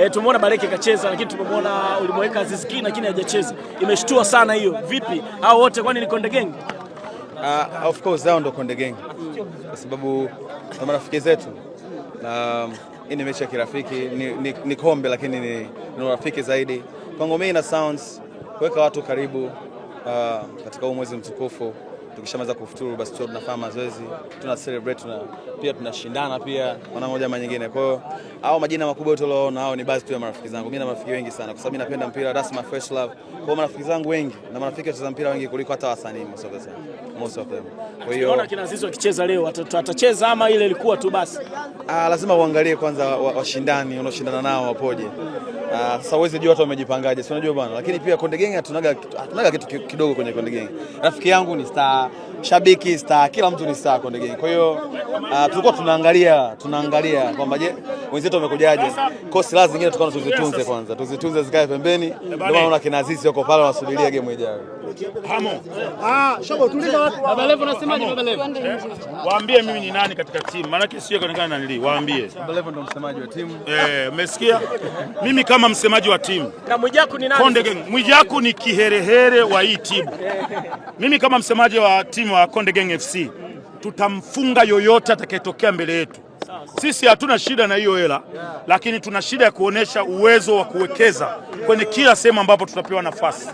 E, eh, tumemwona Baleke kacheza, lakini tumemwona ulimweka Aziz Ki lakini hajacheza. Imeshtua sana hiyo. Vipi hao wote, kwani ni Konde Gang? Uh, of course hao ndo Konde Gang kwa sababu na marafiki zetu na mm, hii ni mechi ya kirafiki, ni, ni, ni kombe lakini ni, ni urafiki zaidi. Kwangu mimi na Sounds kuweka watu karibu uh, katika huu mwezi mtukufu tukishamaliza kufuturu basi tu tunafanya mazoezi, tuna celebrate, tuna pia tunashindana pia kwa moja ama nyingine. Kwa hiyo hao majina makubwa yote uliona hao ni basi tu ya marafiki zangu. Mimi na marafiki wengi sana kwa sababu mimi napenda mpira, that's my first love. Kwa marafiki zangu wengi na marafiki wacheza mpira wengi kuliko hata wasanii msoga sana most of them. Kwa hiyo unaona kina Zizo akicheza leo atacheza ama ile ilikuwa tu basi? Ah, lazima uangalie kwanza washindani wa unaoshindana nao wapoje. Ah, sasa uweze jua watu wamejipangaje, si unajua bwana. Lakini pia Konde Gang hatunaga hatunaga kitu kidogo kwenye Konde Gang. Rafiki yangu ni star shabiki star, kila mtu ni star Konde Gang. Kwa hiyo uh, tulikuwa tunaangalia tunaangalia kwamba je, wenzetu wamekujaje? Kwa silaha zingine tukaona tuzitunze kwanza, tuzitunze zikae pembeni. Ndio maana una kina Azizi wako pale wanasubiria game ijayo. Hamo. Ah, shobo tuliza watu. Baba Levo unasemaje Baba Levo. Waambie mimi ni nani katika timu. Maana sio kaonekana na nili. Waambie. Baba Levo ndo msemaji wa timu. Eh, umesikia? Mimi kama msemaji wa timu. Na Mwijaku ni nani? Konde Gang. Mwijaku ni kiherehere wa hii timu. Mimi kama msemaji wa timu wanachama wa Konde Gang FC tutamfunga yoyote atakayetokea mbele yetu. Sisi hatuna shida na hiyo hela, lakini tuna shida ya kuonesha uwezo wa kuwekeza kwenye kila sehemu ambapo tutapewa nafasi.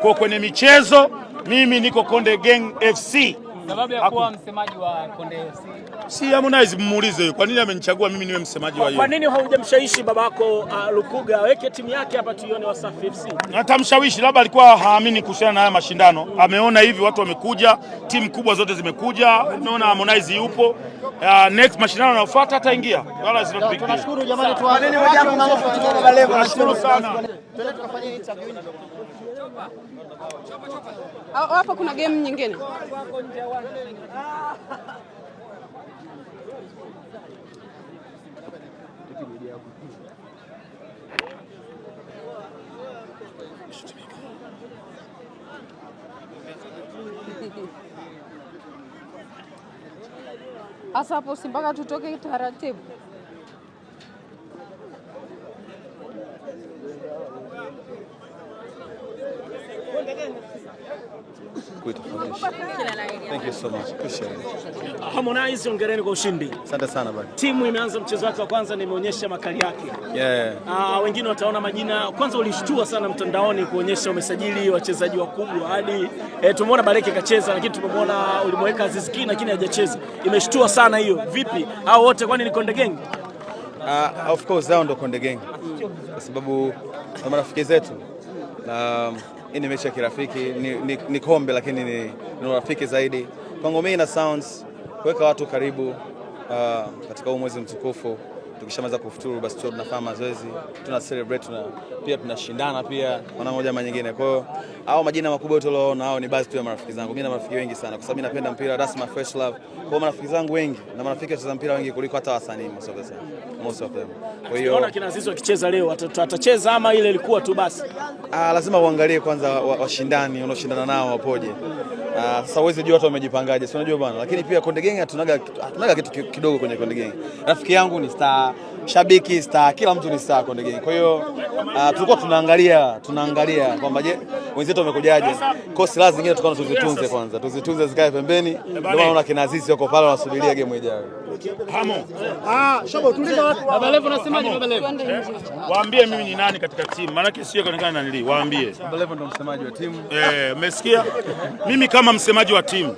Kwa kwenye michezo, mimi niko Konde Gang FC. Sababu ya kuwa msemaji wa Konde FC. Si Harmonize mmuulize kwa nini amenichagua mimi niwe msemaji wa yeye. Kwa nini haujamshawishi babako uh, Lukuga aweke timu yake hapa tuione Wasafi FC? Atamshawishi, labda alikuwa haamini kuhusiana na haya mashindano mm. Ameona hivi watu wamekuja, timu kubwa zote zimekuja, ameona Harmonize yupo uh, next mashindano yanayofuata hataingia wala is not big. Tunashukuru jamani, tuwaaneni wajambo mambo, tunashukuru sana. Tuende tukafanye interview hapo kuna game nyingine hasa hapo, si mpaka tutoke taratibu. Harmonize, ongereni kwa ushindi. Asante sana bwana. Timu imeanza mchezo wake wa kwanza na imeonyesha makali yake. Yeah. Ah, wengine wataona majina. Kwanza ulishtua sana mtandaoni kuonyesha umesajili wachezaji wakubwa hadi eh, tumeona Bareki kacheza lakini tumemwona ulimweka Aziz Ki lakini hajacheza. Imeshtua sana hiyo. Vipi? Hao wote kwani ni Konde Gang? Uh, of course hao ndo Konde Gang. Kwa sababu marafiki zetu na um, hii ni mechi ya kirafiki, ni, ni, ni kombe lakini ni, ni urafiki zaidi. Kwangu mimi na Sounds kuweka watu karibu uh, katika huu mwezi mtukufu tukishamaliza kufuturu basi tu tunafanya mazoezi, tuna celebrate na pia tunashindana pia mwana moja ama nyingine. Kwa hiyo hao majina makubwa tuloona hao ni basi tu ya marafiki zangu. Mimi na marafiki wengi sana kwa sababu mimi napenda mpira, rasmi my first love. Kwa hiyo marafiki zangu wengi na marafiki wacheza mpira wengi kuliko hata wasanii most of the Most of them. Kwa hiyo unaona kina Zizo akicheza leo atacheza ama ile ilikuwa tu basi? Ah, lazima uangalie kwanza washindani wa unaoshindana nao wapoje. Ah, sasa uweze jua watu wamejipangaje, si unajua bwana. Lakini pia Konde Gang hatunaga hatunaga kitu kidogo kwenye Konde Gang. Rafiki yangu ni star, shabiki star, kila mtu ni star Konde Gang. Kwa hiyo uh, tulikuwa tunaangalia tunaangalia kwamba je, wenzetu wamekujaje? Kwa silaha zingine tukaona tuzitunze kwanza, tuzitunze zikae pembeni. Ndio maana kina Azizi yuko pale, wanasubiria game ijayo. Ah, eh, waambie mimi ni nani katika timu, maanake sio kaonekana nili. Waambie eh, umesikia? mimi kama msemaji wa timu.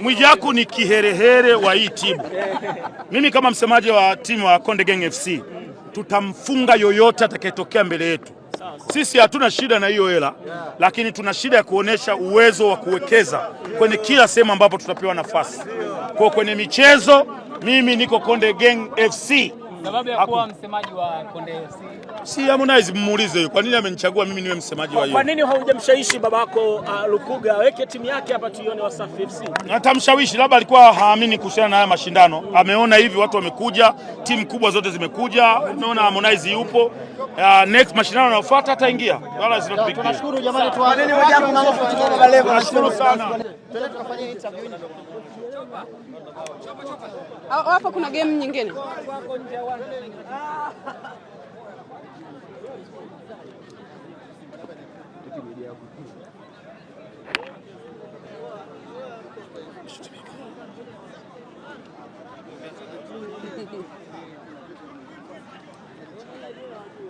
Mwijaku ni kiherehere wa hii timu. Mimi kama msemaji wa timu wa Konde Gang FC, tutamfunga yoyote atakayetokea mbele yetu. Sisi hatuna shida na hiyo hela, lakini tuna shida ya kuonyesha uwezo wa kuwekeza kwenye kila sehemu ambapo tutapewa nafasi. Kwa kwenye michezo, mimi niko Konde Gang FC. Sababu ya kuwa msemaji wa Konde FC. Si Harmonize mmuulize kwa nini amenichagua mimi niwe msemaji wa hiyo. Kwa nini haujamshawishi babako uh, Lukuga aweke timu yake hapa tuione Wasafi FC? Natamshawishi labda alikuwa haamini kuhusiana na haya mashindano. Ameona hivi watu wamekuja, timu kubwa zote zimekuja, umeona Harmonize yupo. Uh, next mashindano yanayofuata ataingia. Wala sio big Tunashukuru jamani, tu. nini Kwa tuaneni wajambo na Tunashukuru sana. Tuende tukafanye interview. Hapo kuna game nyingine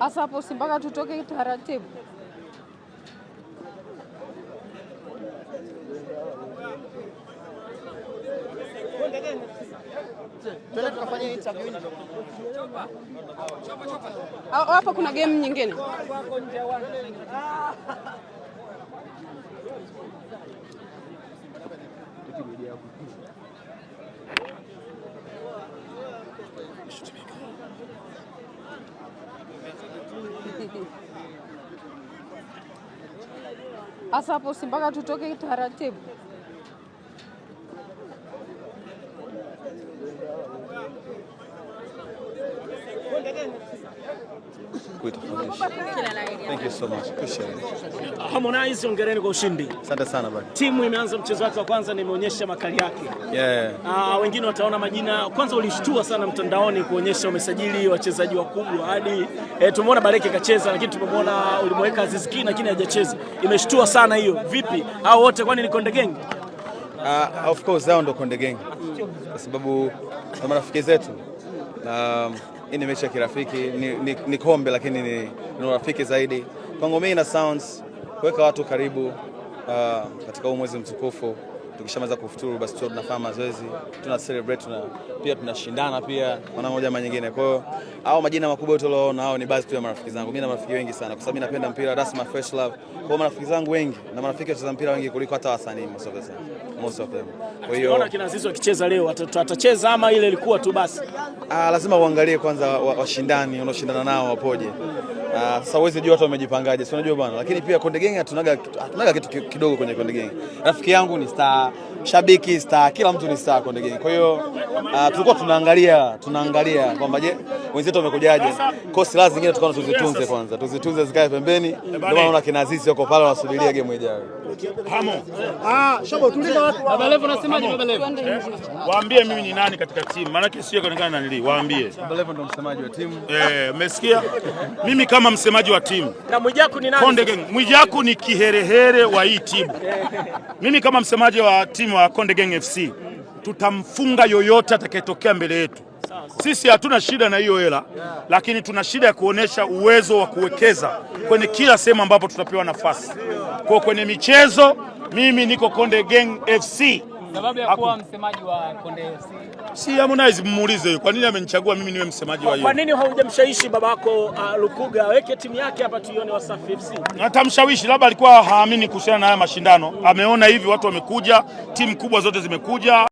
Asa hapo, si mpaka tutoke taratibu. Tuende tukafanya interview nje. Hapa kuna game nyingine. Asa hapo si mpaka tutoke taratibu. Harmonize, ongereni kwa ushindi. Asante sana bwana. Timu imeanza mchezo wake wa kwanza na imeonyesha makali yake. Yeah. Ah, wengine wataona majina. Kwanza ulishtua sana mtandaoni kuonyesha umesajili wachezaji wakubwa hadi eh, tumeona Bareke kacheza lakini tumemwona ulimweka Aziz Ki lakini hajacheza. Imeshtua sana hiyo. Vipi? Hao wote kwani ni Konde Gang? Uh, of course hao ndo Konde Gang. Kwa sababu marafiki zetu na um, hii ni mechi ya kirafiki, ni, ni, ni kombe lakini ni, ni urafiki zaidi. Kwangu mimi na sounds kuweka watu karibu uh, katika huu mwezi mtukufu tukishamaliza kufuturu basi tu tunafanya mazoezi, tuna celebrate na pia tunashindana pia mwana mmoja ama nyingine. Kwa hiyo hao majina makubwa tuloona hao ni basi tu ya marafiki zangu. Mimi na marafiki wengi sana kwa sababu mimi napenda mpira, rasmi my love. Kwa hiyo marafiki zangu wengi na marafiki wacheza mpira wengi kuliko hata wasanii most of them. Most of them. Kwa hiyo unaona kina Zizo wakicheza leo atacheza ama ile ilikuwa tu basi. Ah, lazima uangalie kwanza washindani wa unaoshindana nao wapoje. Ah, sasa huwezi jua watu wamejipangaje, si unajua bwana. Lakini pia Konde Gang hatunaga hatunaga kitu kidogo kwenye Konde Gang. Rafiki yangu ni star, shabiki star, kila mtu ni star Konde Gang. Kwa hiyo ah, tulikuwa tunaangalia tunaangalia kwamba je wenzetu wamekujaje? Kwa silaha zingine tukaona tuzitunze kwanza, tuzitunze zikae pembeni. Eh, ndio maana kina Zizou pale, wanasubiria game ijayo. Ah, shabo tuliza watu. Baba Levo unasemaje? Baba Levo, eh, waambie mimi ni nani katika timu, maanake sio kulingana na nili. Waambie Baba Levo ndo msemaji wa timu eh, umesikia? Mimi kama msemaji wa timu na Mwijaku ni nani? Konde Gang, Mwijaku ni kiherehere wa hii timu. Mimi kama msemaji wa timu wa Konde Gang FC tutamfunga yoyote atakayetokea mbele yetu. Sisi hatuna shida na hiyo hela, lakini tuna shida ya kuonyesha uwezo wa kuwekeza kwenye kila sehemu ambapo tutapewa nafasi. Kwa kwenye michezo, mimi niko Konde Gang FC. Sababu ya kuwa msemaji wa Konde FC. Si Harmonize muulize kwa nini amenichagua mimi niwe msemaji wa hiyo. Kwa nini haujamshawishi babako uh, Lukuga aweke timu yake hapa tuione Wasafi FC? Atamshawishi, labda alikuwa haamini kuhusiana na haya mashindano. Ameona hivi watu wamekuja, timu kubwa zote zimekuja.